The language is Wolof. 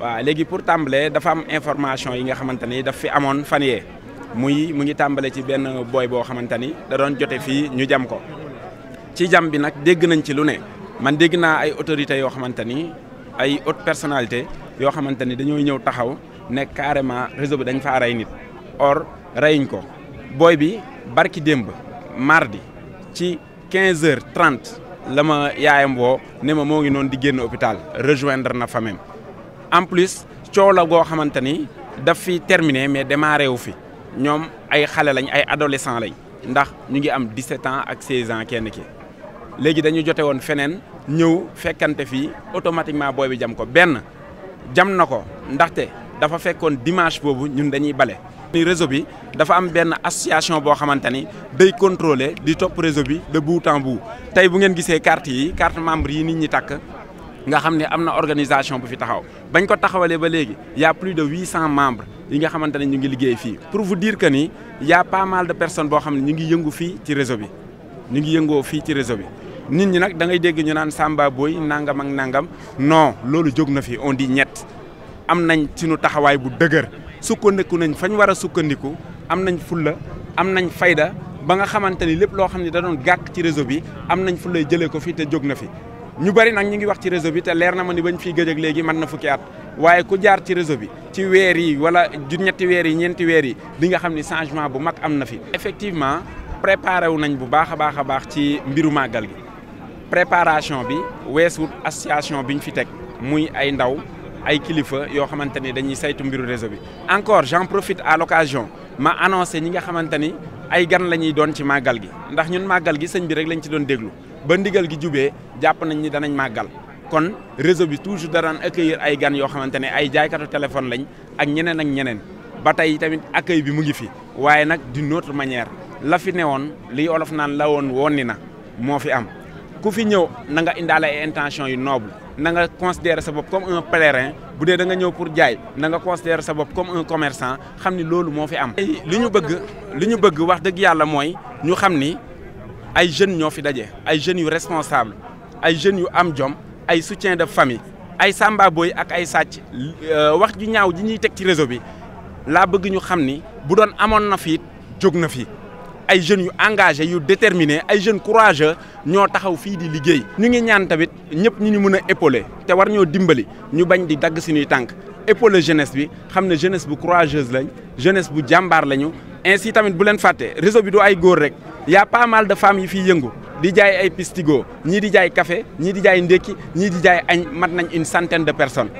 waaw léegi pour tàmbalee dafa am information yi nga xamante ni daf fi amoon fan yee muy mu ngi tàmbale ci benn booy boo xamante ni da doon jote fii ñu jam ko ci jam bi nag dégg nañ ci lu ne man dégg naa ay autorités yoo xamante ni ay haute personnalité yoo xamante ni dañoo ñëw taxaw nekk carrément réseau bi dañ faa rey nit or reyuñ ko booy bi barki démb mardi ci 15 heures 30 la ma yaayam woo ne ma moo ngi noonu di génn hôpital rejoindre na fa même en plus coow la goo xamante ni daf fi terminé mais démarré wu fi ñoom ay xale lañ ay adolescent lañ ndax ñu ngi am 17 ans ak 16 ans kenn ki léegi dañu jote woon feneen ñëw fekkante fii automatiquement boobu jam ko benn jam na ko ndaxte dafa fekkoon dimanche boobu ñun dañuy bale. ni réseau bi dafa am benn association boo xamante ni day contrôler di topp réseau bi de bout en bout tey bu ngeen gisee carte yi carte membre yi nit ñi takk. nga xam ne am na organisation bu fi taxaw bañ ko taxawalee ba léegi y' plus de huit cent membres yi nga xamante ne ñu ngi liggéey fii pour vous dire que ni y' a pas mal de personnes boo xam ne ñu ngi yëngu fii ci réseau bi ñu ngi yëngoo fii ci réseau bi. nit ñi nag da ngay dégg ñu naan Samba booy nangam ak nangam non loolu jóg na fi on di ñett am nañ ci nu taxawaay bu dëgër sukkandiku nañ fañ war a sukkandiku am nañ fulla am nañ fayda ba nga xamante ni lépp loo xam ne da doon ci réseau bi am nañ fu lay jëlee ko fi te jóg na fi. ñu bari nag ñu ngi wax ci réseau bi te leer na ma ni bañ fiy gëj ak léegi mën na fukki at waaye ku jaar ci réseau bi ci weer yi wala ju ñetti weer yi ñeenti weer yi di nga xam ni changement bu mag am na fi. effectivement préparé wu nañ bu baax a baax a baax ci mbiru màggal gi préparation bi weesu association bi ñu fi teg muy ay ndaw ay kilifa yoo xamante ni dañuy saytu mbiru réseau bi. encore j'en profite à l'occasion ma annoncé ñi nga xamante ni ay gan la ñuy doon ci màggal gi ndax ñun màggal gi sëñ bi rek lañ ci doon déglu. ba ndigal gi jubee jàpp nañ ni danañ màggal kon réseau bi toujours daraan accueillir ay gan yoo xamante ne ay jaaykatu téléphone lañ ak ñeneen ak ñeneen ba tey tamit accueil bi mu ngi fi waaye nag di autre manière la fi newoon liy olof naan la woon woon ni na moo fi am ku fi ñëw na nga indaale ay intention yu noble na nga considérer sa bopp comme un pèlerin bu dee da ñëw pour jaay na nga considérer sa bopp comme un commerçant xam ni loolu moo fi am. li ñu bëgg li ñu bëgg wax dëgg yàlla mooy ñu xam ni. ay jeunes ñoo fi daje ay jeunes yu responsable ay jeunes yu am jom ay soutien de famille ay samba boy ak ay sàcc euh, wax ju ñaaw ji ñuy teg ci réseau bi laa bëgg ñu xam ni bu doon amoon na fiit jóg na fi ay jeunes yu engagé yu déterminé ay jeunes courageur ñoo taxaw fii di liggéey. ñu ngi ñaan tamit ñëpp ñu ñu mën a épauler te war ñoo dimbali ñu bañ di dagg suñuy tànk épauler jeunesse bi xam ne jeunesse bu courageuse lañ jeunesse bu jàmbaar lañu. ainsi tamit bu leen fàtte réseau bi du ay góor rek. y a de femmes yi fiy yëngu di jaay ay pistigo ñii di jaay kafe ñii di jaay ndékki ñii di jaay añ mat nañ une centaine de personnes